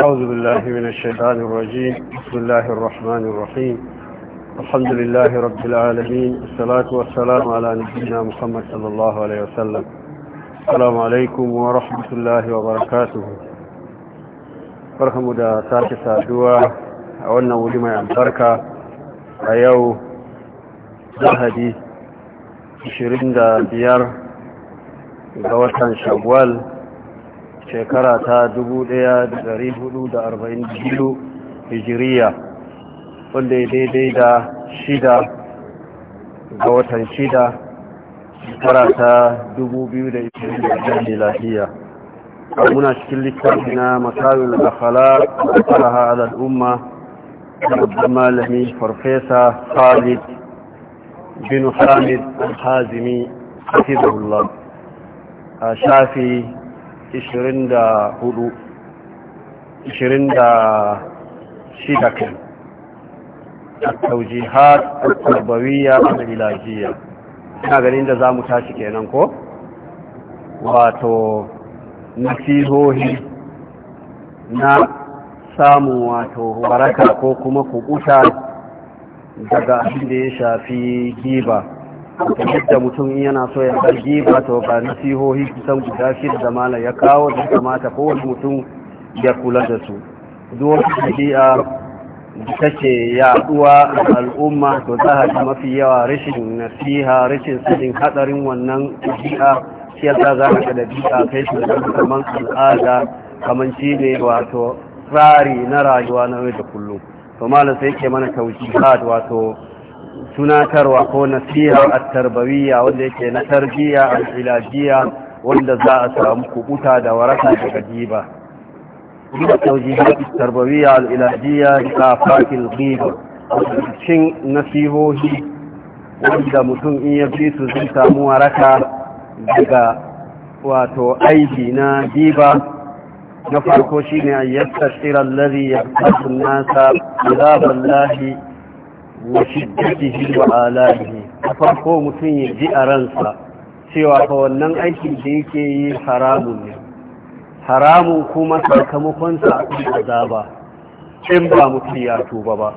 أعوذ بالله من الشيطان الرجيم بسم الله الرحمن الرحيم الحمد لله رب العالمين الصلاة والسلام على نبينا محمد صلى الله عليه وسلم السلام عليكم ورحمة الله وبركاته barkamu da sake saduwa a wannan wuri أيو albarka شرين دا ديار 25 شوال shekara ta hudu hijiriya wanda ya daidai da shida ga watan shida shekara ta 2020 milahiya muna cikin littafi na matsalul akhala da faraha al'umma da babban malami farfesa khalid bin hamid al-hazimi a shafi 24 26 kan التوجيهات التربوية العلاجية ina ganin da za mu tashi kenan ko wato nasihohi na samun wato waraka ko kuma ku kukuta daga abin ya shafi giba yadda mutum yana so ya sargi ba ta ba nasihohi kusan guda shi da zamanar ya kawo da kamata kowane mutum ya kula da su duk ɗabi'a ta take yaɗuwa a al'umma to za a ji mafi yawa rashin nasiha rashin sadin hatsarin wannan ɗabi'a shi yasa za ka ɗabi'a kai su da kaman al'ada kaman shi ne wato tsari na rayuwa na yau da kullum to malam sai ke mana taujihat wato tunatarwa ko nasiha a tarbawiyya wanda yake na tarbiyya al ilajiya wanda za a samu kubuta da waraka daga jiba duka taujihin tarbawiyya al ilajiya da fakil ghiba cin nasihohi wanda mutum in ya bi su zai samu waraka daga wato aiki na jiba na farko shine an yastashira allazi kasu nasa azaballahi wa shiddatihi wa alaihi farko mutum ya ji a ransa cewa fa wannan aiki da yake yi haramun ne haramun kuma sakamakon sakamakonsa akwai azaba in ba mutum ya tuba ba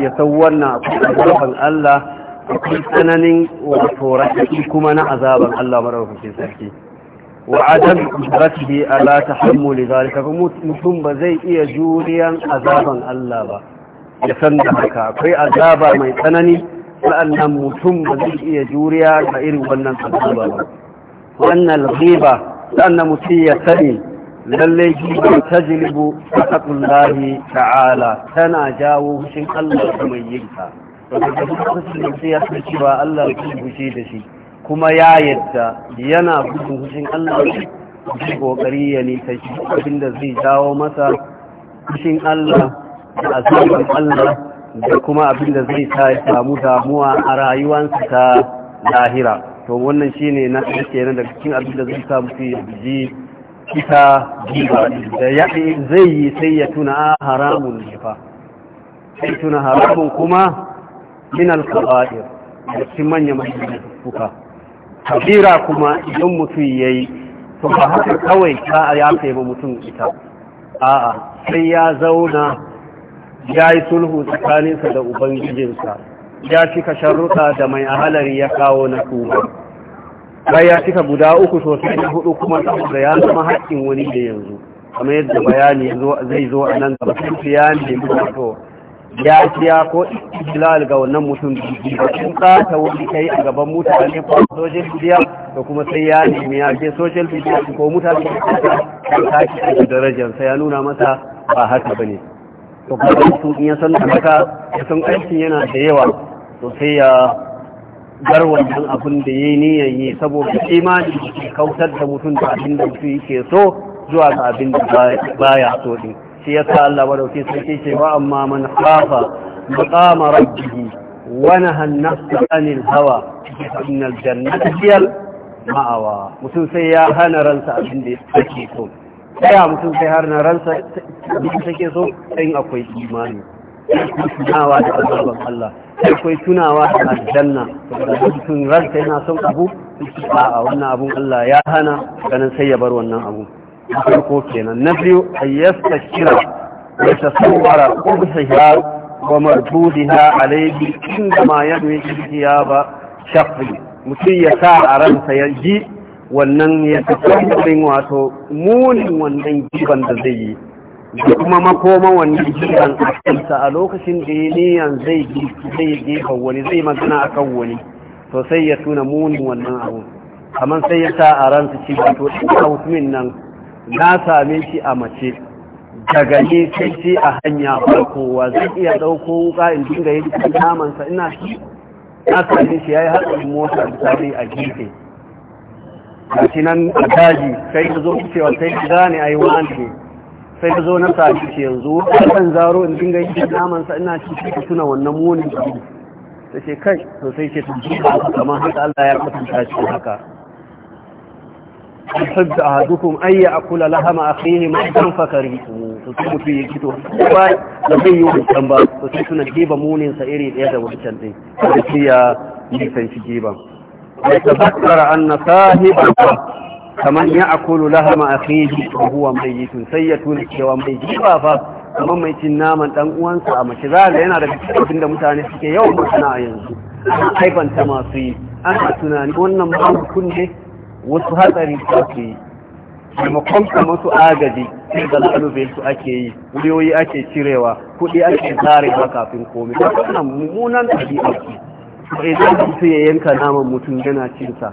ya san wannan akwai azaban Allah akwai tsananin wato rashi kuma na azaban Allah madaukakin sarki wa adam ratihi ala tahammuli zalika mutum ba zai iya juriyan azaban Allah ba ya san da haka akwai azaba mai tsanani sa'annan mutum ba zai iya juriya ga irin wannan azaba ba wannan ghiba sa'annan mutum ya sani lalle ghiba tajlibu Lahi ta'ala tana jawo fushin Allah da mai yinka wanda da mutum ya san cewa Allah ya fushi da shi kuma ya yadda yana gudun fushin Allah zai kokari ya nisa shi abinda zai jawo masa fushin Allah da azaban Allah da kuma abin da zai sa ya samu damuwa a rayuwarsa ta lahira to wannan shine na kenan daga cikin abin da zai sa mutum ya ji ita jiba da ya zai yi sai ya tuna ah, haramun ne fa sai tuna haramun kuma min al-qaba'ir da cikin manyan manyan fuka kabira kuma idan mutum yayi to ba haka kawai ta ya kai mutum ita a'a sai ya zauna ya yi sulhu tsakaninsa da ubangijinsa ya cika sharruɗa da mai ahalari ya kawo na tuba bai ya cika guda uku sosai da hudu kuma saboda ya zama haƙƙin wani da yanzu kamar yadda bayani zai zo a nan gaba sai ya nemi wato ya ciya ko ikilal ga wannan mutum biyu da sun tsata wani kai a gaban mutane ko social media da kuma sai ya nemi ya ce social media ko mutane da ta ci a darajar sai ya nuna masa ba haka ba ne. to kuma mutum in ya san haka ya san aikin yana da yawa to sai ya bar wannan abin da ya yi niyan yi saboda imani ke kautar da mutum da abin da mutum yake so zuwa ga abin da baya so din shi ya sa Allah madauki sarki ce wa amma man khafa maqama rabbihi wa naha an-nafsa 'anil hawa fa innal jannata hiya ma'awa mutum sai ya hana ransa abin da yake so tsaya mutum sai har na ransa duk take so in akwai imani tunawa da azaban Allah akwai tunawa da aljanna da mutum ransa yana son abu a wannan abun Allah ya hana ganin sai ya bar wannan abu a farko kenan na biyu ayyasta shira ya tasawwara qubhiha wa mardudiha alayhi inda ma ya ba shafi mutum ya sa a ransa ya ji wannan ya fi wato munin wannan giban da zai yi da kuma makoma wannan giban a kansa a lokacin da ya niyan zai gefa wani zai magana a kan wani to sai ya tuna munin wannan abu kamar sai ya sa a ransa ci wato ɗin nan na same shi a mace daga ne sai ce a hanya farkowa zai iya ɗauko wuka in dinga yin namansa ina shi na same shi ya yi hatsarin mota da a gefe ga nan a daji sai da zo cewa sai da gane ai wa ne sai da zo na sami ce yanzu kan zaro in dinga yi naman sa ina ci shi tuna wannan munin da ta ce kai to sai ce tun jiya kamar haka Allah ya kwatanta shi haka يحب أحدكم أن يأكل لحم أخيه ميتا فكرهتموه تصيب في يجده باي لكي يوم تنبا تصيب نجيب ويتذكر أن صاحبه كمن يأكل لحم أخيه وهو ميت سيتون وميت فا kamar mai cin naman dan a mace za ga yana daga cikin da mutane suke yawan mutuna a yanzu ana haifanta masu yi ana tunani wannan mahaukun ne wasu hatsari za su yi maimakon kamar su agaji sai ga lalube su ake yi wuyoyi ake cirewa kuɗi ake zarewa kafin komai wannan mummunan ɗabi'a to idan mutum ya yanka naman mutum yana cinsa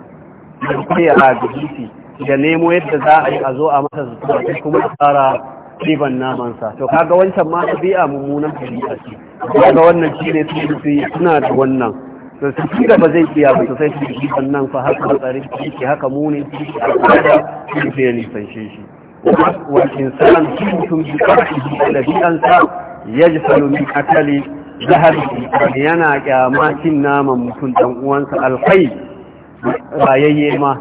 da kwaya a gabisi da nemo yadda za a yi a zo a masa zuwa kuma a tsara riban namansa to kaga wancan ma tabi'a mummunan tabi'a ce kaga wannan shi ne su suna da wannan to su da ba zai iya ba sosai su yi nan fa haka matsari shi haka muni shi al'ada shi ni nisan shi wa insan shi mutum bi karfi da yaji yajfalu min akali zahar yana kyamakin naman mutum dan uwansa alkai rayayye ma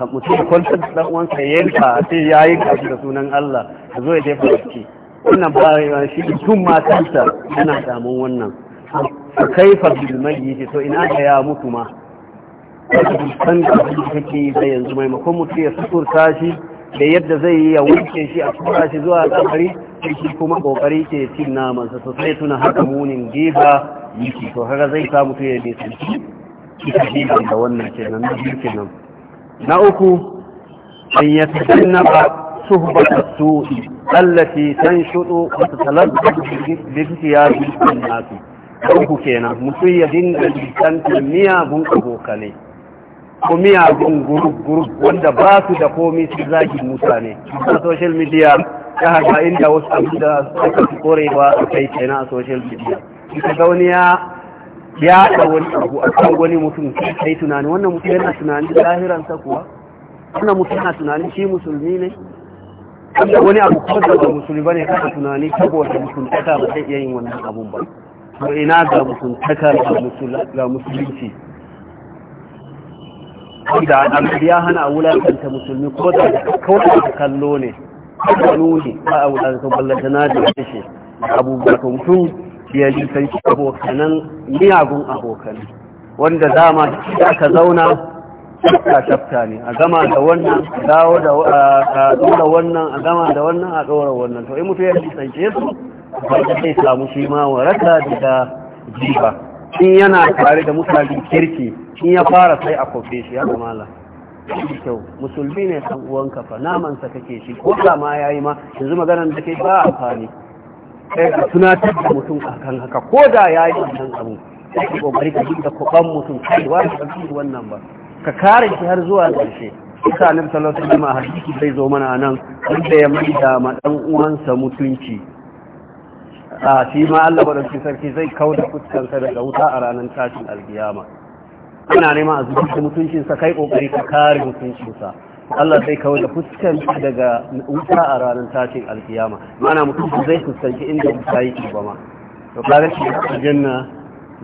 kan mutum kwantar da dan uwansa ya yanka sai ya yi da sunan Allah da zo ya jefa ciki wannan ba shi tun ma kansa yana damun wannan a kaifa bil to ina ga ya mutu ma san da kake da yanzu maimakon mutum ya sukurta shi da yadda zai yi ya wuce shi a tura shi zuwa kabari sai shi kuma kokari ke cin namansa to sai tuna haka munin gefa yake to haka zai sa mutum ya nisan ita shi da wannan kenan na biyu nan na uku an ya tajannaba suhbata su'i allati su wa tatalazzu bi na an Na uku kenan mutum ya dinga nisantar miyagun abokanai ko miyagun gurub gurub wanda ba su da komi su zaki mutane a social media ta haɗa inda wasu abin da suka fi korewa a kai kenan a social media ita ga wani ya ya da wani abu a kan wani mutum sai tunani wannan mutum yana tunani lahiran lahiransa kuwa wannan mutum yana tunani shi musulmi ne wanda wani abu ko da ba musulmi bane kasa tunani saboda ta ba sai iya yin wannan abun ba to ina ga ka ga musulunci da an biya hana a wulakanta musulmi ko da kawai kallo ne haka nuni ba a wuɗa sun ballata na da shi abubuwa tun ya ji san shi abokanan miyagun abokan wanda dama da aka zauna shafta shafta ne a gama da wannan a dawo da a ɗora wannan a gama da wannan a ɗora wannan to in mutu ya ji san su ta sai samu shi ma waraka daga jiba in yana tare da mutane kirki in ya fara sai a kofe shi ya kamala kyau musulmi ne san uwan fa naman sa kake shi ko da ma yayi ma yanzu maganar da kai ba amfani sai ka tunatar da mutum akan haka ko da yayi wannan abu sai ka kokari ka dinga koban mutum kai wani ka shi wannan ba ka kare shi har zuwa ƙarshe isa annabi sallallahu alaihi wasallam hadisi bai zo mana nan da ya maida ma dan uwansa mutunci a shi ma Allah barkin sarki zai kauda fuskansa daga wuta a ranar tashin alkiyama ana nema a zuciya da mutuncinsa kai kokari ka kare mutuncinsa Allah sai kawo da fuskan daga wuta a ranar tashin alkiyama mana mutum zai fuskanci inda wuta yi ba ma to kare shi janna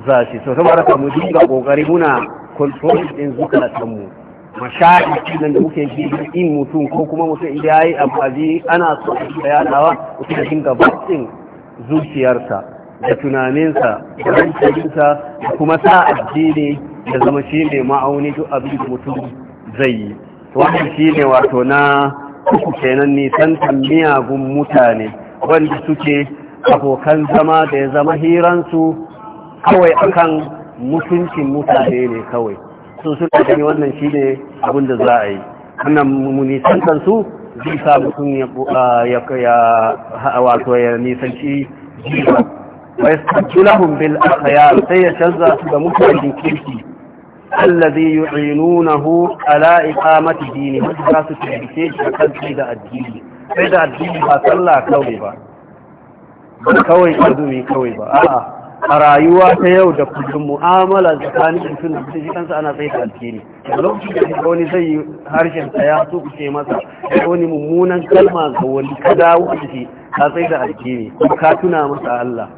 za shi to mu dinga kokari muna kontrol din zukatan mu mashaƙi nan da muke ji in mutum ko kuma mutum idan yayi amfani ana so a yadawa mutum da dinga bakin zuciyarsa da tunaninsa da hankalinsa da kuma sa addini ya zama shi ne ma'auni duk abin da mutum zai yi wannan shi ne wato na uku kenan nisantan miyagun mutane wanda suke abokan zama da ya zama hiransu kawai akan mutuncin mutane ne kawai sun suna gani wannan shi ne abin da za a yi wannan munisantan su zai sa mutum ya wato ya nisanci jiwa wai sabbulahun bil akhayar sai ya canza su da mutanen kirki الذي يعينونه على إقامة dini مجرس su فقد shi الدين sai da addini sai da addini ba sallah kawai ba kawai ba a'a a rayuwa ta yau da kullum mu'amala tsakanin mutum da mutum kansa ana sai da addini lokacin da wani zai yi harshen sa ya masa wani mummunan kalma ga wani ka dawo da shi sai da addini ka tuna masa Allah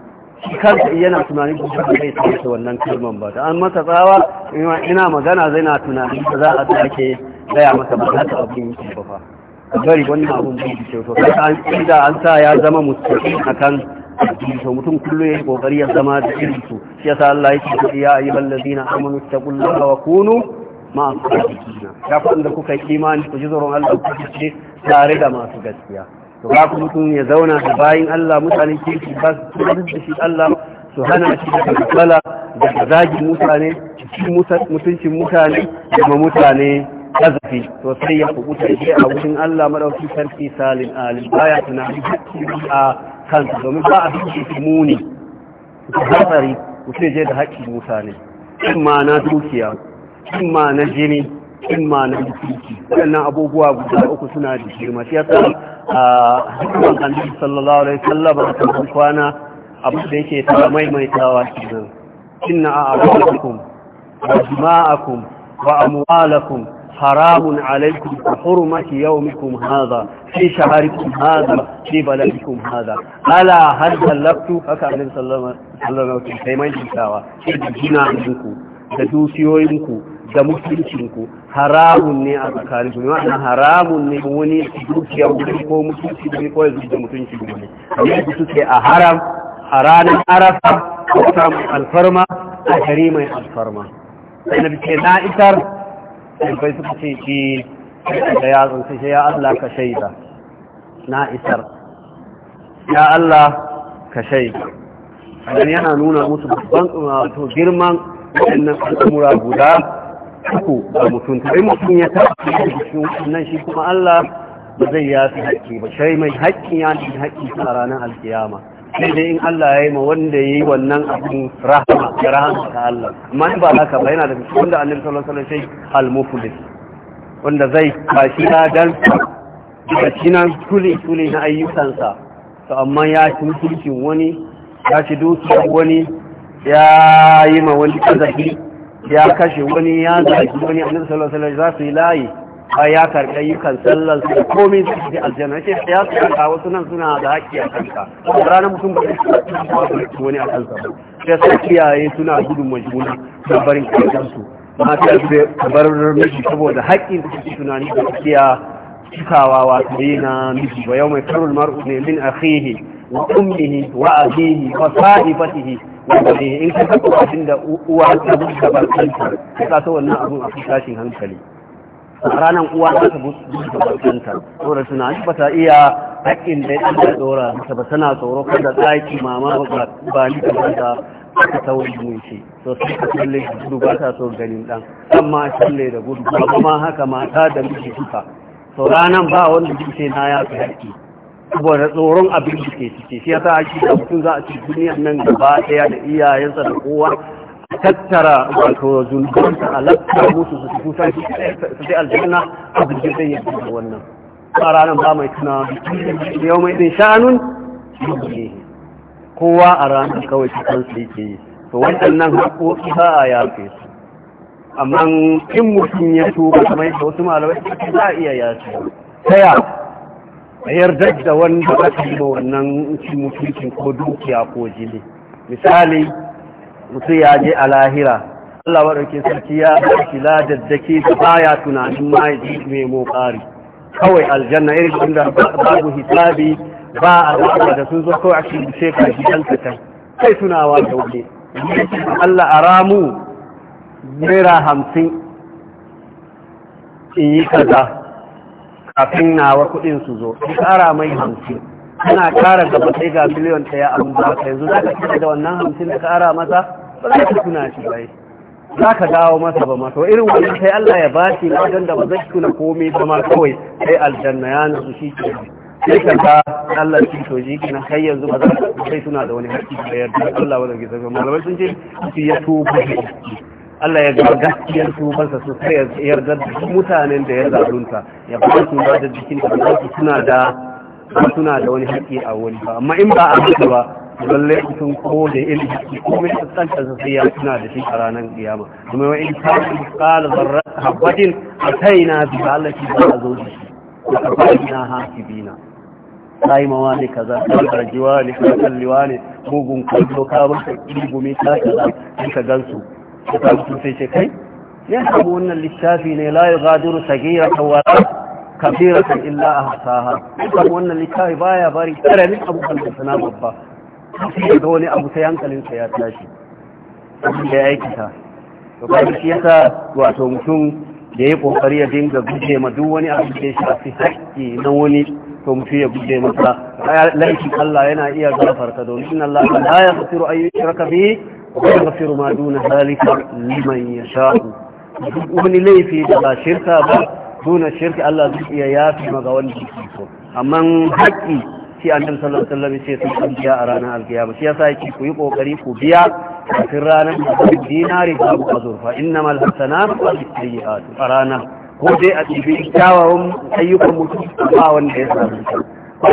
Kanta yana tunanin kuma zai tsarki wannan kalman ba da an masa tsawa ina magana zai na tunanin da za a sake daya masa ba haka abin yake ba fa a bari wannan abun da yake kyau kai an tsida an sa ya zama a kan to mutum kullu yayi kokari ya zama da irin su shi yasa Allah yake ce ya ayyuhal ladina amanu taqullaha wa kunu ma'a sadiqina ya fa inda kuka imani ku ji zuron Allah ku ci tare da masu gaskiya to ba ku mutum ya zauna da bayan Allah mutane ke shi ba su tunanin da shi Allah su hana shi da kasala da zagin mutane cikin mutuncin mutane da ma mutane azafi to sai ya kubuta shi a wurin Allah madauki sarki salin alim baya tunanin a kansu domin ba a fi muni da hatsari mutum je da haƙƙin mutane in ma na dukiya in ma na jini in ma na dukiya waɗannan abubuwa guda uku suna da girma shi yasa a hukumar annabi sallallahu alaihi wasallam a kan kwana abu da yake ta maimaitawa kenan inna a'lamukum wa jima'akum wa amwalakum haramun alaikum ka hurmati yawmikum hadha fi shaharikum hadha fi baladikum hadha ala hal talabtu haka annabi sallallahu alaihi wasallam sai maimaitawa sai jina da dukiyoyinku da mutuncinku haramun ne a tsakanin kuma wannan haramun ne wani dukiya wani ko mutunci ne ko yanzu da mutunci wani su suke a haram a ranar arafa a samu alfarma a gari mai alfarma sai na bice na isar bai suka ce ki da ya shi ya Allah ka shaida na isar ya Allah ka shaida dan yana nuna musu babban girman wannan al'amura guda uku ga mutum to mutum ya tafi da cikin wannan shi kuma Allah ba zai yafi haƙƙi ba shai mai haƙƙi ya ne haƙƙi a ranar alkiyama sai dai in Allah ya yi ma wanda ya yi wannan abin rahama ya rahama ta Allah amma in ba haka ba yana da cikin wanda annabi sallallahu alaihi wasallam sai al-muflis wanda zai kashi ya dan da cinan tuli tuli na ayyukansa to amma ya ci mutuncin wani ya ci dukiyar wani ya yi ma wani kazafi ya kashe wani ya zaki wani a sallallahu alaihi wasallam za su yi layi ba ya karɓi ayyukan sallar su da komai su ji aljanna ce ya su a wasu nan suna da haƙƙi a kanka ranar mutum ba su wani a kansa ba ya su kiyaye suna gudun majuna da barin kansu mata su bar miji saboda haƙƙin su ci tunani da kiya cikawa wa tare na miji ba yau mai karul mar'u ne min akhihi wa ummihi wa abihi wa sa'ifatihi wanda ne in ka taɓa abin da uwa ta buɗe barkanta ta kasa wannan abin a tashin hankali a ranar uwa za ta buɗe barkanta saboda tunani ba ta iya haƙƙin da ya ɗan ɗora masa ba tana tsoro kada tsaki mama ba ni da wanda aka tauri mun ce so sai ka tsalle da gudu ba ta so ganin ɗan ɗan ma tsalle da gudu ba ma haka mata da miji suka so ranan ba wanda ce na ya fi haƙƙi saboda tsoron abin da ke cike shi yasa ake da mutum za a ci duniya nan gaba daya da iyayensa da kowa tattara wato zunubansa a alaƙa musu su kusa su sai aljanna a jirgin zai yi da wannan a ranar ba mai tuna yau mai ɗin shanun kowa a ranar kawai kan su yake yi to waɗannan haƙoƙi ba a yafe su amma in mutum ya tuba kamar yadda wasu malamai za a iya yafe ta A yardar da wanda aka yi wannan cin mutuncin ko dukiya ko jini misali mutum ya je a lahira Allah waɗauke sarki ya ɗauki ladar da baya tunanin ma ya ji mai mokari kawai aljanna irin wanda babu hisabi ba a zaɓa da sun zo kawai a cikin shekar ka kai sai tunawa da wani Allah a ramu naira hamsin in yi kaza kafin nawa kuɗin su zo in ƙara mai hamsin ana ƙara gaba sai ga miliyan ta ya da aka yanzu za ka kira da wannan hamsin da ƙara masa ba za ka tuna shi bai za ka dawo masa ba masa irin wannan sai Allah ya ba shi don da ba zai tuna komai ba ma kawai sai aljanna ya nasu shi ke sai ka ga Allah shi to ji kina kai yanzu ba za ka tuna da wani hakki da yarda Allah wanda ke zama malamai sun ce shi ya tuba Allah ya ga gaskiyar tubansa sosai ya yarda da mutanen da ya zalunta ya ba su ba da jikin da ba su suna da suna da wani haƙƙi a wani ba amma in ba a haka ba lalle sun ko da ilmi ko mai tsanta sa sai ya suna da shi a ranar kiyama kuma wa in ta qala zarra habatin ataina bi allati ba zo da shi ko kafina hasibina sai mawa ne kaza sai rajiwa ne kalliwa ne bugun kallo ka ba ka ilmi ka kaza ka gansu ta mutum sai ce kai ya samu wannan littafi ne la ya gadiru sagira kawara kafiratan illa a hasaha kan wannan littafi baya bari karamin abubuwan da sana babba sai ga wani abu sai hankalinsa ya tashi abin da ya aikata to kai shi yasa wato mutum da ya kokari ya dinga guje ma duk wani abu da ya shafi haƙƙi na wani to mutum ya guje masa laifin Allah yana iya gafarta domin Allah la yaghfiru an yushraka bihi ويغفر ما دون ذلك لمن يشاء wani laifi da ba shirka ba duna shirka Allah zai iya yafi maga wanda yake so amma haƙƙi shi annabi sallallahu alaihi wasallam yace sai an biya a ranar alkiyama shi yasa yake ku yi kokari ku biya kafin ranar da dinari da abu azurfa innamal hasanatu a ɗibi kyawawan ayyukan mutum ba wanda ya samu ko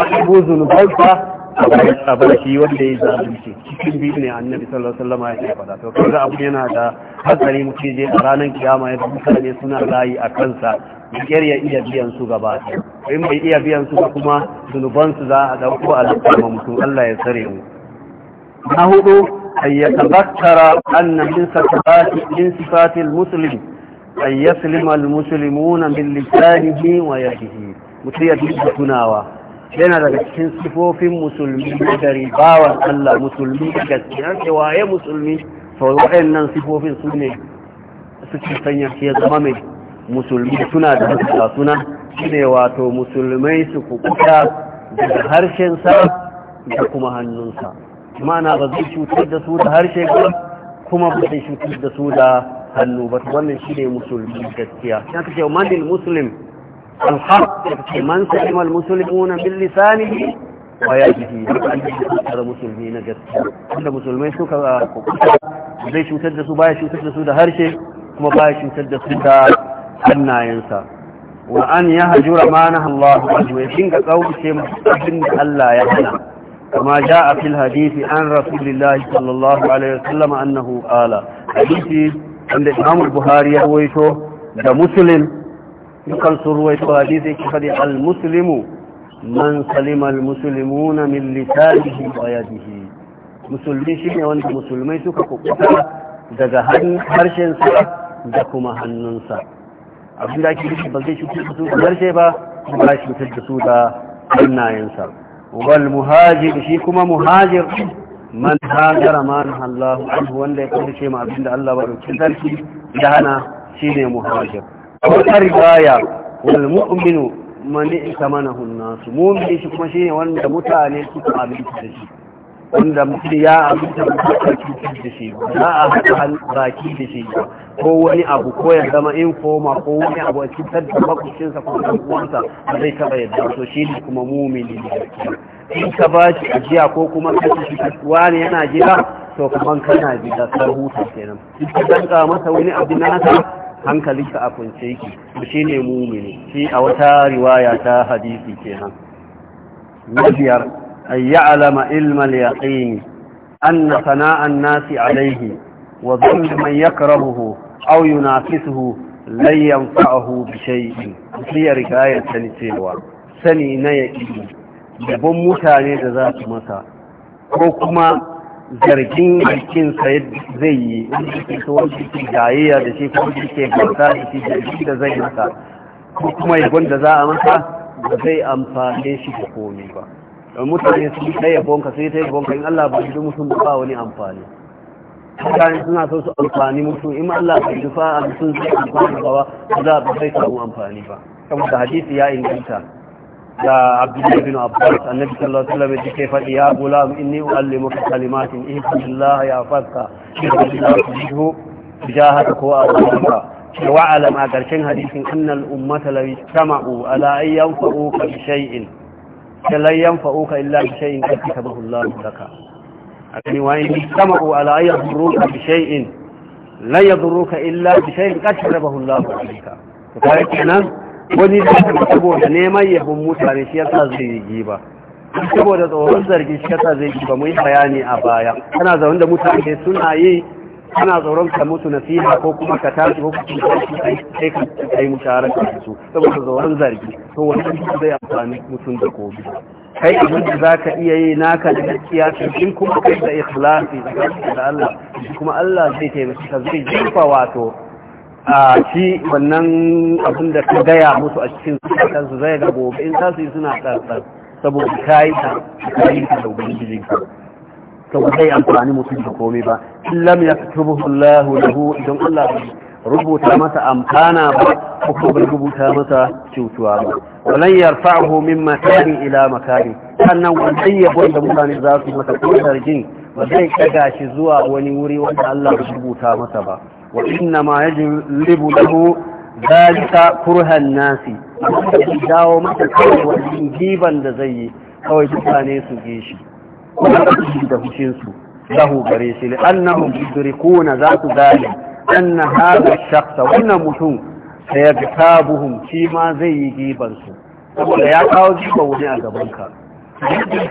a a bar shi wanda ya zalunci cikin biyu ne annabi sallallahu alaihi wasallam ya faɗa to kaga abu yana da hatsari mu ce a ranar kiyama ya mutane suna layi a kansa biyar ya iya biyan su gaba ɗaya in bai iya biyan su kuma zunuban su za a dauko a lokacin mutum Allah ya tsare mu na hudu an yatabakkara anna min sifati min sifati almuslim an yaslima almuslimuna min lisanihi wa yadihi mutum ya dinga tunawa yana daga cikin sifofin musulmi da gari bawan Allah musulmi da gaskiya ce waye musulmi to waɗannan sifofin su ne suke sanya shi ya zama mai musulmi suna da haska suna shi ne wato musulmai su kukuta daga harshensa da kuma hannunsa mana ba zai cutar da su da harshe ba kuma ba zai cutar da su da hannu ba wannan shi ne musulmi gaskiya ya kace manil musulmi. الحق من سلم المسلمون باللسانه ويجهي هذا مسلمين suka kuka zai harshe kuma baya cutar da su da ya hajura ma na Allah wa dinga ya hana kama jaa fil hadisi an rasulillahi sallallahu alaihi wasallam annahu qala hadisi ya da dukan sun ruwaito hadisi ki faɗi al musulimu, man salima al-muslimuna min lisanihi wa yadihi musulmi ne wanda musulmai suka kukuta daga harshen sa da kuma hannunsa abin da ake yi ba zai cutar su da harshe ba ba shi cutar da su da hannayensa wal muhajir shi kuma muhajir man hajara ma naha Allah anhu wanda ya kace ma abin da Allah ba cikin sarki da hana ne muhajir a wata riwaya wal mu'minu man i'tamanahu an-nas mu'min shi kuma shi ne wanda mutane suka abinci da shi wanda mutum ya aminta da cikin da shi za a haɗa baki da shi ko wani abu ko ya zama informa ko wani abu a cutar da makwabcinsa ko ɗan uwansa ba zai taɓa yadda so shi ne kuma mumini ne in ka ba shi ajiya ko kuma ka ci wani yana jira to kuma kana jira sai huta kenan in ka danka masa wani abu nasa hankalinka a kunce yake to shine mumini shi a wata riwaya ta hadisi kenan na biyar an ya'lama ilma al-yaqin anna na, an-nasi alayhi wa Auyuna, man yakrahuhu aw yunafisuhu lan yanfa'ahu bi shay'in sai riwaya sani cewa sani na yaqin yabon mutane da za su masa ko kuma zargin jikinsa zai yi wanda ke so wanda ke jayayya da shi ko wanda ke bauta da shi zargin da zai masa ko kuma yabon da za a masa ba zai amfane shi da komi ba don mutane su yi ɗaya yabonka sai ta bonka in Allah ba shi mutum ba wani amfani mutane suna so su amfani mutum in Allah ba shi fa'a mutum zai amfani ba ba za a ba zai samu amfani ba saboda hadisi ya inganta da abdullahi bin abbas annabi sallallahu alaihi wasallam yake faɗi ya gulam inni uallimuka kalimatin ihfazillah ya fadka ihfazillahu bijahaka ko abdullahi wa alam a ƙarshen hadisin annal ummata law istama'u ala ay yanfa'uka bi shay'in la illa bi shay'in katabahu Allah laka akani wa in istama'u ala ay yadurruka bi shay'in la yadurruka illa bi shay'in katabahu Allah laka to kai kenan wani da saboda neman yabon mutane shi yasa zai yi ba saboda tsoron zargi shi yasa zai giba mun bayani a baya kana zaune da mutane suna yi ana tsoron ka mutu na fiye ko kuma ka tashi ko kuma ka sai ka kai musharaka da su saboda tsoron zargi to wannan zai amfani mutum da kobi kai abin da za ka iya yi naka da gaskiya in kuma kai da ikhlasi da Allah kuma Allah zai taimaka zai jefa wato a shi wannan abin da ka gaya musu a cikin kansu zai ga gobe in tasu yi suna tsartsar saboda ka yi ta ka yi ta da jirgin ka to zai amfani musu da komai ba lam hulahu da hu idan Allah rubuta masa amfana ba ko kuma bai rubuta masa cutuwa ba walan fa'ahu min makari ila makari sannan wannan yabon da mutane za su masa ko zargin ba zai kaga shi zuwa wani wuri wanda Allah ya rubuta masa ba wa inna ma yajlibu lahu zalika kurhan nasi dawo masa kawai wani giban da zai yi kawai mutane su ge shi da hushin su lahu gare shi li'annahum yudrikuna za su gane anna hadha shakhsa wannan mutum sayagtabuhum shi ma zai yi gibansu. su saboda ya kawo giba wani a gaban ka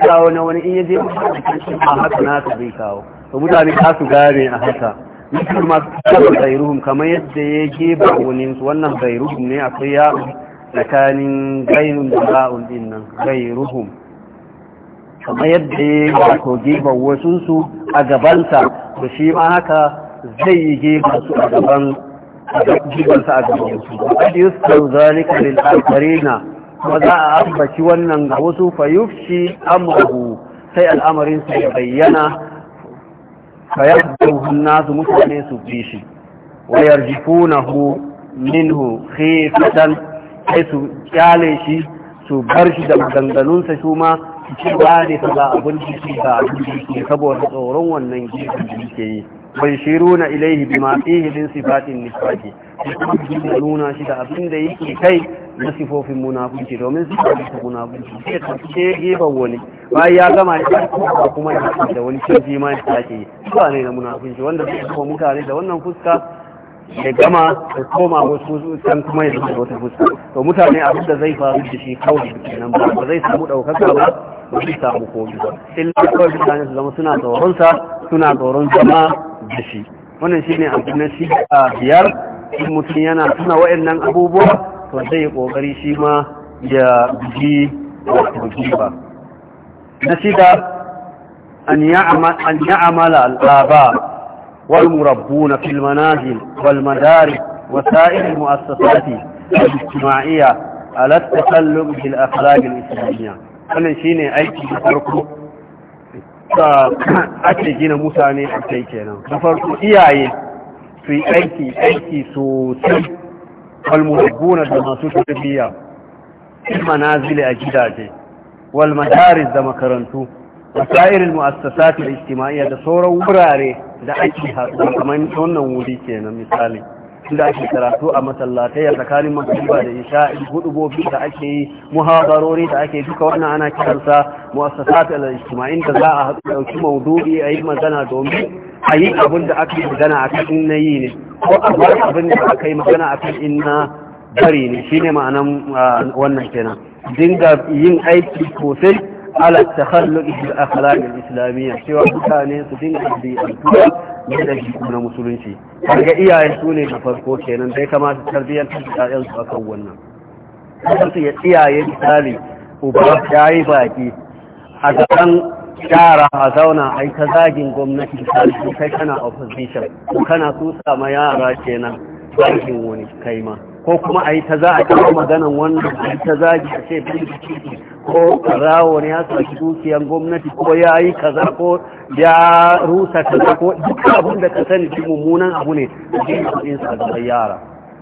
kawo na wani in yaje a haka nasa zai kawo to mutane za su gane a haka mutum masu kaba bairuhum kamar yadda ya geba wuninsu wannan bairuhum ne akwai ya tsakanin gainun da ra'un din nan bairuhum kamar yadda ya wato geba wasunsu a gabansa da shi ma haka zai yi geba su a gaban jibansa a gaban su a yusuf zalika lil akarina kuma za a ambaci wannan ga wasu fayufshi amrahu sai al'amarin sa ya bayyana fayahduhu an-nasu mutane su fi shi wa yarjifunahu minhu khifatan ay su ƙyale shi su bar shi da dangalun sa su ma su ci ba ne fa ba abin da ba abin da saboda tsoron wannan gidan da yake yi bai shiru na ilaihi bi ma fihi min sifatin nifaqi kuma bi nuna shi da abin da yake kai na sifofin munafunci domin su sifofin munafunci sai ka ce gefen wani bayan ya gama ne ba kuma ya da wani canji ma ya sake zuwa ne na munafunci wanda zai kuma mutane da wannan fuska ya gama da koma wasu can kuma ya zama wata fuska to mutane abin da zai faru da shi kawai kenan ba ba zai samu ɗaukaka ba ba zai samu komi ba illa kawai mutane su zama suna tsoronsa suna tsoron zama da shi wannan shine abu na shi a biyar in mutum yana tuna wa'annan abubuwa to zai yi kokari shi ma ya ji wato ba na shida an amala al'aba wal murabbuna fil manazil wal madari wa sa'ir al mu'assasati al ijtima'iyya ala at bil akhlaq al islamiyya wannan shine aiki na farko da ake gina mutane a kai kenan na farko iyaye su yi aiki aiki sosai walmuhibbuna da masu tarbiyya na manazili a gidaje wal madaris da makarantu da sa'irin mu'assasati da ijtima'iyya da sauran wurare da ake haɗu kamar wannan wuri kenan misali da ake karatu a masallatai a tsakanin magariba da hudu hudubobi da ake yi muhabarori da ake duka wannan ana kiransa muassasat al-ijtima'in da za a dauki maudu'i a yi magana domin a yi abin da aka magana a kan na yi ne ko a bar abin da aka yi magana a kan in bari ne shine ma'anan ah, wannan kenan dinga yin aiki sosai على التخلق بالأخلاق الإسلامية سوى mutane su dinga ɗabi'antuwa yadda jiku na musulunci daga iyayen su ne da farko kenan dai kamata su tarbiyyantar da ƴaƴan su akan wannan kuma su iyaye misali uba ya yi baki a gaban yara a zauna a yi ta zagin gwamnati misali ko kai kana opposition ko kana tusa ma yara kenan zagin wani kaima. ko kuma a yi ta za a kawo maganan wannan a yi ta zagi a ce bin ciki ko rawo ne ya saki dukiyan gwamnati ko ya yi kaza ko ya rusa kaza ko duk abin da ka sani shi mummunan abu ne a cikin kudin sa ga yara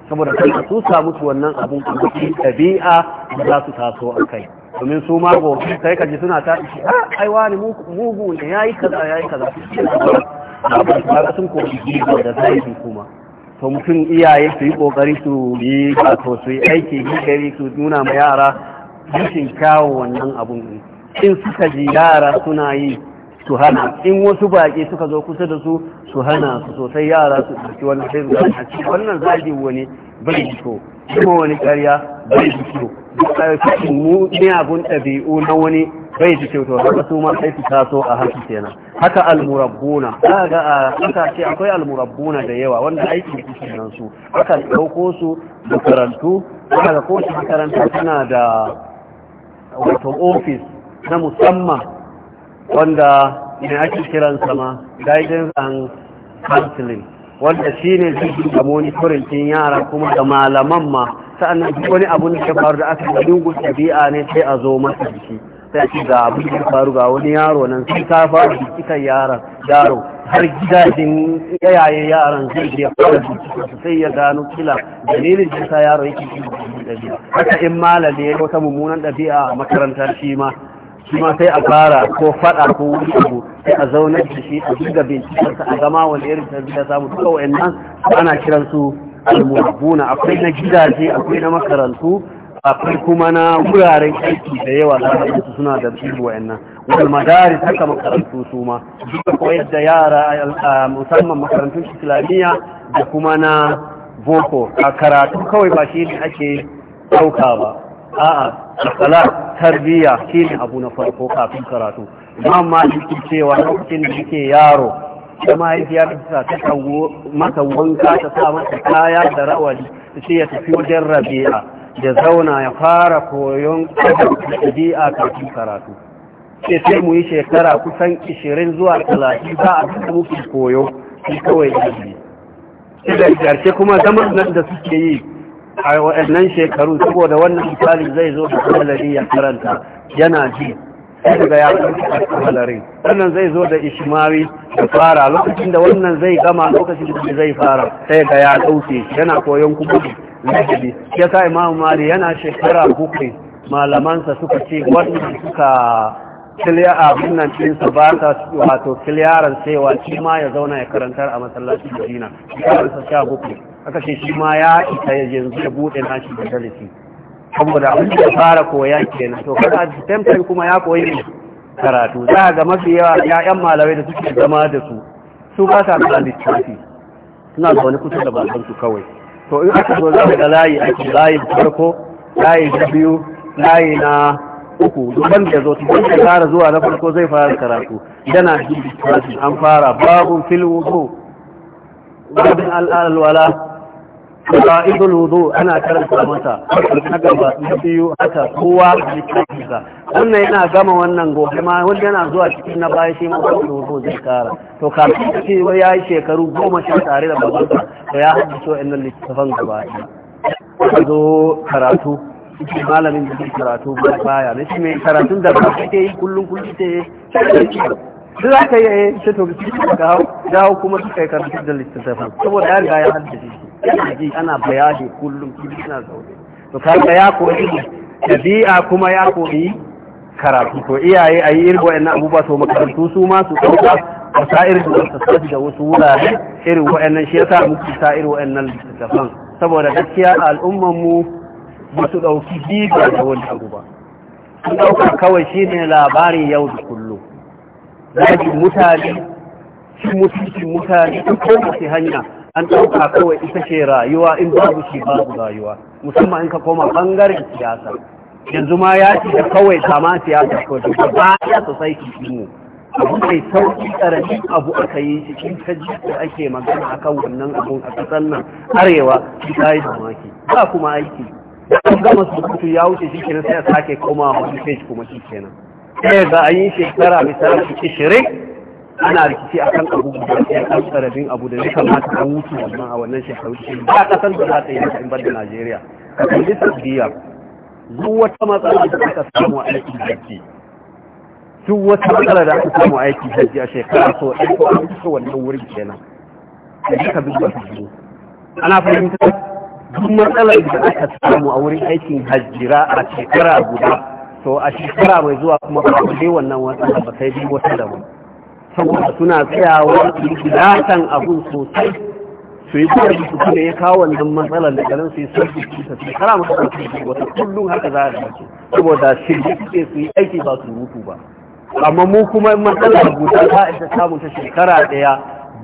saboda kan su samu su wannan abun cikin ɗabi'a da za su taso a kai domin su ma gobe sai ka ji suna ta ishi ah, aiwa ne mugu ne ya yi kaza ya yi kaza sun koyi da zai kuma to mutum iyaye su yi kokari su yi wato su yi aiki gari su nuna ma yara rashin kawo wannan abun in suka ji yara suna yi su hana in wasu baƙi suka zo kusa da su su hana su sosai yara su ɗauki wannan sai zuwa a cikin wannan zagi wani bai jiko kuma wani ƙarya bai so duk mu ne abun ɗabi'u na wani bai ji kyautu haka su ma sai su taso a haka kenan haka almurabbuna ga a haka ce akwai almurabbuna da yawa wanda aiki su kenan su haka dauko su makarantu haka ko su makaranta tana da wato office na musamman wanda ne ake kiran sama guidance and counseling wanda shine zai da monitoring din yara kuma da malaman ma sa'annan duk wani abun da ya faru da aka yi dingu tabi'a ne sai a zo masa jiki sai ce ga abin da faru ga wani yaro nan sai ka fara bincikan yaran. yaro har gidajen yayaye yaran zai je fara bincikan sai ya gano kila dalilin da sa yaro yake cikin ɗabi'a haka in malami ya wata mummunan ɗabi'a a makarantar shi ma shi ma sai a fara ko faɗa ko wani abu sai a zaune da shi a dinga ta a gama wani irin tarbiyya samu duka wa'annan ana kiransu al-mu'abuna akwai na gidaje akwai na makarantu akwai kuma na wuraren aiki da yawa da su suna da biyu wayannan wal madaris haka makarantu su ma duka koyar da yara musamman makarantun islamiyya da kuma na boko a karatu kawai ba shi ne ake ɗauka ba a'a tsala tarbiyya shi ne abu na farko kafin karatu imam maliki cewa lokacin da yake yaro da mahaifiyar ta ta masa wanka ta sa masa kaya da rawali sai ya tafi wajen rabi'a ya zauna ya fara koyon a kafin karatu sai sai mu yi shekara kusan 20 zuwa 30 za a kasa muke koyo shi kawai jirgi sai da ƙarshe kuma zaman nan da suke yi a waɗannan shekaru saboda wannan misali zai zo da kamalari ya karanta yana ji sai daga ya karanta kamalarin wannan zai zo da ishimawi da fara lokacin da wannan zai gama lokacin da zai fara sai ga ya ɗauke yana koyon kuma ladabi ya sa imam mali yana shekara bakwai malamansa suka ce wannan suka kiliya a nan cinsa ba ta wato kiliyaran cewa shi ma ya zauna ya karantar a masallacin madina karansa sha bakwai aka ce shi ma ya ita yanzu ya buɗe nashi da dalisi saboda abin da fara koya kenan to kada a temtan kuma ya koyi karatu za ga mafi yawa ya'yan malamai da suke zama da su su ba sa da littafi suna da wani kusa da babansu kawai to in aka zo za ga layi layi farko layi na biyu layi na uku duban da zo tun da fara zuwa na farko zai fara karatu yana jin an fara babun fil wudu babin al'alwala fa'idul wudu ana karanta masa haka ba na biyu haka kowa da kisa wannan yana gama wannan gobe ma wanda yana zuwa cikin na baya shi ma ba su zai kara to kafin ce ya yi shekaru goma sha tare da to ya so littafan gaba ɗaya zo karatu malamin da karatu ba baya na shi mai karatun da ba kake yi kullum kullum yi ya koyi ɗabi'a kuma ya koyi karatu to iyaye a yi irin wa'annan abubuwa to makarantu su ma su ɗauka a sa'ir da wasu sassafi da wasu wurare irin wa'annan shi yasa muke sa'ir wa'annan littattafan saboda gaskiya al'umman mu ba su ɗauki bidiyo da wani abu ba sun ɗauka kawai shi ne labarin yau da kullum zagin mutane shi mutuncin mutane ta kowace hanya an ɗauka kawai ita ce rayuwa in babu shi babu rayuwa musamman in ka koma ɓangaren siyasa yanzu ma ya ce da kawai kama siyasa ko da ba ya su din abu mai sauki karamin abu aka yi cikin kaji da ake magana akan wannan abun a kasar nan arewa ta yi mamaki ba kuma aiki an gama mutu ya wuce shi kenan sai a sake koma wani page kuma shi kenan sai eh, ga an yi shekara misali ishirin ana rikici a kan abu da ya kan sarabin abu da zai kamata an wuce wannan a wannan shekaru ba kasar da za ta yi in ba da najeriya ka kalli saudiya duk wata matsala da aka samu aikin hajji duk wata matsala da aka samu aikin hajji a shekara so ɗaya ko an fito wannan wurin kenan da ka zuba su biyu ana fahimta duk matsala da aka samu a wurin aikin hajjira a shekara guda to a shekara mai zuwa kuma ba ku dai wannan wata ba sai duk wata daban saboda suna tsayawa su yi gidatan abun sosai to yi kuma su kuma ya kawo wannan matsalar da ganin su yi sarki su su kara masu sarki wata kullum haka za a da su saboda shirye suke su yi aiki ba su mutu ba amma mu kuma matsalar za ta isa samun ta shekara ɗaya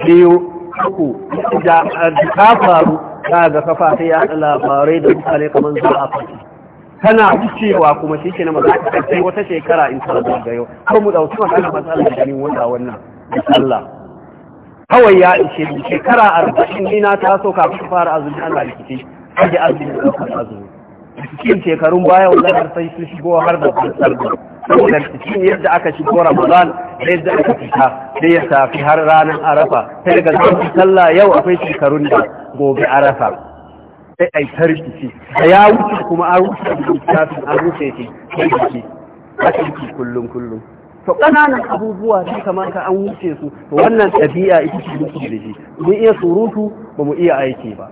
biyu uku da ta faru ta ga kafa ta yaɗa labarai da mutane kamar za a fashi tana wucewa kuma shi ke na maza ta wata shekara in ta ga yau kuma mu ɗauki wata matsalar ganin wata wannan allah kawai ya ishe ni shekara arba'in ina taso kafin fara azumi ana rikici ji azumi da kafin azumi cikin shekarun baya wannan har sai sun shigo har da kan da saboda cikin yadda aka shigo ramadan da yadda aka fita da ya safi har ranar arafa sai daga zai sallah yau akwai shekarun da gobe arafa sai a yi ta rikici da ya wuce kuma an wuce da kafin an wuce shi sai da a cikin kullum kullum to ƙananan abubuwa da maka an wuce su to wannan ɗabi'a ita ce duk da shi mun iya surutu ba mu iya aiki ba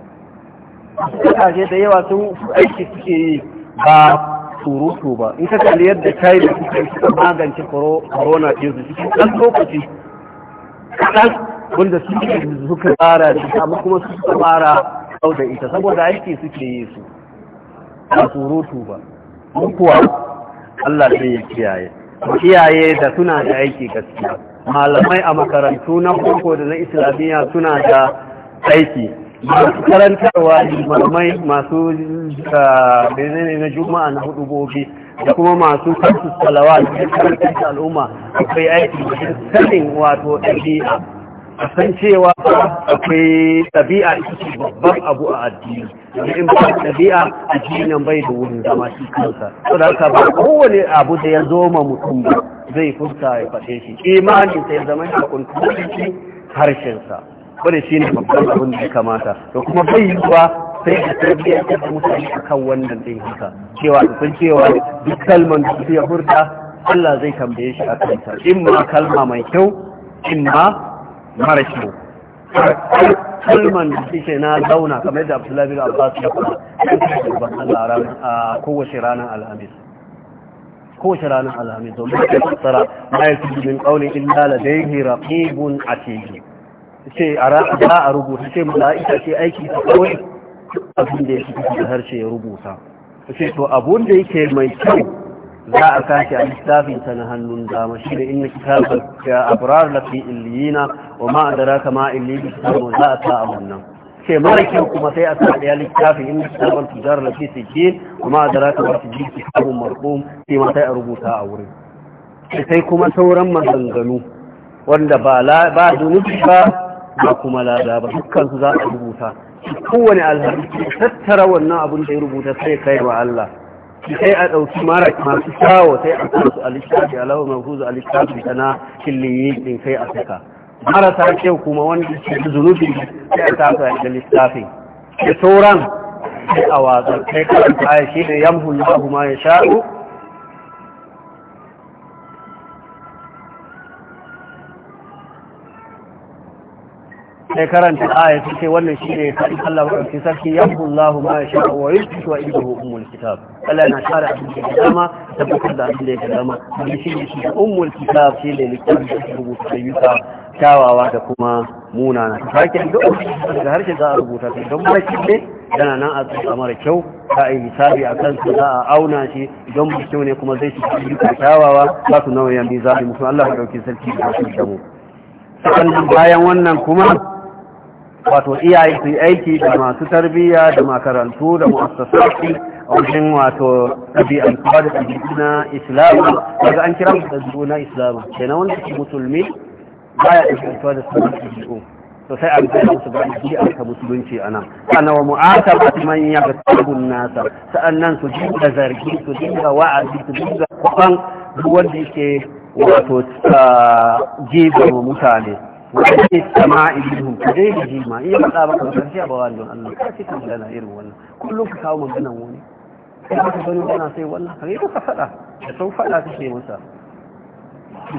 kaje da yawa sun aiki suke yi ba surutu ba in ka kalli yadda china suka yi suka magance corona su cikin ɗan lokaci kaɗan wanda suke suka tsara da amma kuma su suka tsara sau da ita saboda aiki suke yi su ba surutu ba mun kuwa Allah sai ya kiyaye iyaye da suna da aiki gaskiya malamai a makarantu na koko da na islamiyya suna da aiki masu karantarwa malamai masu benene ah, na juma'a na hudu gobe da kuma masu kasu salawa da karantar al'umma akwai aiki da sanin wato ɗabi'a a san cewa akwai ɗabi'a ita ce babban abu a addini domin in ba ɗabi'a jinin bai da wurin zama shi kansa So, da haka ba kowane abu da ya zo ma mutum ba zai furta ya fashe shi imanin sai zama shi kuntumin shi harshensa wanda shi ne babban abin da ya kamata to kuma bai yi ba sai a tarbiyyar da mutane a kan wannan ɗin haka cewa da sun cewa duk kalman da su ya furta Allah zai tambaye shi a kanta in ma kalma mai kyau in ma mara kyau kalman da suke na zauna kamar da abdullahi bin abbas ya kuma ban Allah a kowace ranar alhamis kowace ranar alhamis domin da tsara ma ya tuji da kaunin illa ladaihi raqibun atid ce a za a rubuta ce la'ita ce aiki ta kawai abin da ya fi harshe ya rubuta ce to abun da yake mai kyau za a kashi a littafinta na hannun dama shi da inna kitabar ya abrar lafi illiyina wa ma a dara kama illiyi kitabar za a sa a wannan ce mara kyau kuma sai a sa ɗaya littafin inna kitabar tujar lafi ke wa ma a dara kama sijji kitabun marhum sai ma sai a rubuta a wurin sai kuma sauran maganganu wanda ba zunubi ba ba kuma lada ba dukkansu za a rubuta kowane alhamdu tattara wannan abin da ya rubuta sai kai wa Allah sai a ɗauki mara masu kyawo sai a sa su a littafi alawa mafuzu a littafi tana na killiyi ɗin sai a saka marasa kyau kuma wanda ke zunubi sai a tafa ya littafi da sauran sai a watsa sai karanta ya shi ne yamhu lahu ma ya sha'u sai karanta aya ta ce wannan shi ne faɗin Allah wa ɗauki sarki Allah ma ya sha'a wa yin fito inda hu ummul kitab Allah na abin da ya dama tabbatar da abin da ya dama abin shi ne shi ummul kitab shi ne littafin da ya rubuta ayyuka kyawawa da kuma munana sake duk da harshe za a rubuta don mara shi ne yana nan a tsaye mara kyau za a yi misali a kansu za a auna shi don mai kyau ne kuma zai shi kyawawa za su nawa yan biyu a yi Allah ɗauki sarki da wasu Sannan bayan wannan kuma wato iyaye su aiki da masu tarbiyya da makarantu da mu'assasati a wajen wato ɗabi'antuwa da ɗabi'u na islamu daga an kira da ɗabi'u na islamu na wanda ke musulmi ba ya ɗabi'antuwa da sauran ɗabi'u to sai an su musu ga ɗabi'a ta musulunci a nan sannan wa mu'ata ba su manya ga tabun nasa sa'annan su dinga zargi su dinga wa'azi su dinga kwan duk wanda yake wato ah, jiba mutane wani sama ilihun ka dai da jima iya faɗa maka ba karshe ba don Allah ka ce ka magana irin wannan kullum ka kawo maganan wani kai ba ka gani kana sai wannan ka ka faɗa da sau faɗa kake masa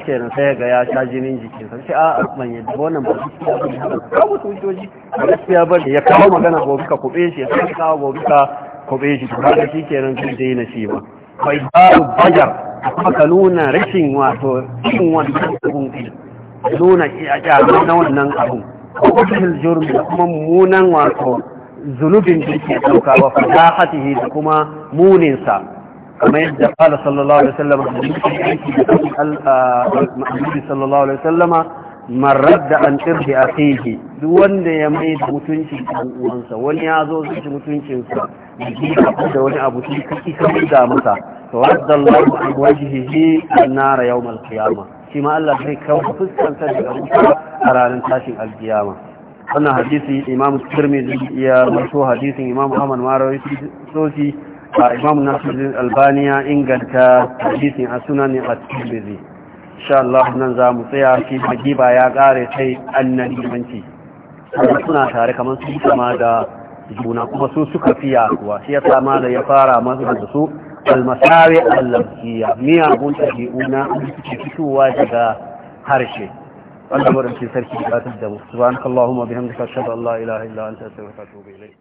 shi nan sai ga ya sha jinin jikin sa sai a man yadda wannan ba shi ba ka mutu wujoji gaskiya ba ya kawo magana gobe ka kube shi ya sai kawo gobe ka kube shi to kaga shi kenan zai daina shi ba bai ba bajar kuma ka nuna rashin wato cin wannan abun ɗin nuna a kyakkyawa na wannan abu kusurul jurmi da kuma munan wato zunubin da ke ɗauka wa fasahatihi da kuma muninsa kamar yadda qala sallallahu alaihi wasallam da da sallallahu alaihi wasallama man radda an tirhi akhihi duk wanda ya mai da mutuncin uwansa wani ya zo zai mutuncinsa da wani abu shi kake kamar da masa to radda Allahu an wajhihi an-nar yawm al-qiyamah shi ma Allah zai kawo fuskanta daga wuta a ranar tashin alkiyama wannan hadisi imam tirmidhi ya maso hadisin imam Ahmad marawi sosi a imam Nasir Albaniya inganta hadisin a sunan a tirmidhi insha Allah nan za mu tsaya shi magiba ya kare sai annabi manci suna tare kamar su kama da juna kuma su suka fiya kuwa shi ya da ya fara masu da su المساوي اللبكية مية أقول تجيئونا تشكشوا واجبا هرشي أنا مرحبا في سرحي بات الدبو سبحانك اللهم وبحمدك أشهد الله إله إلا أنت سوف تتوب إليه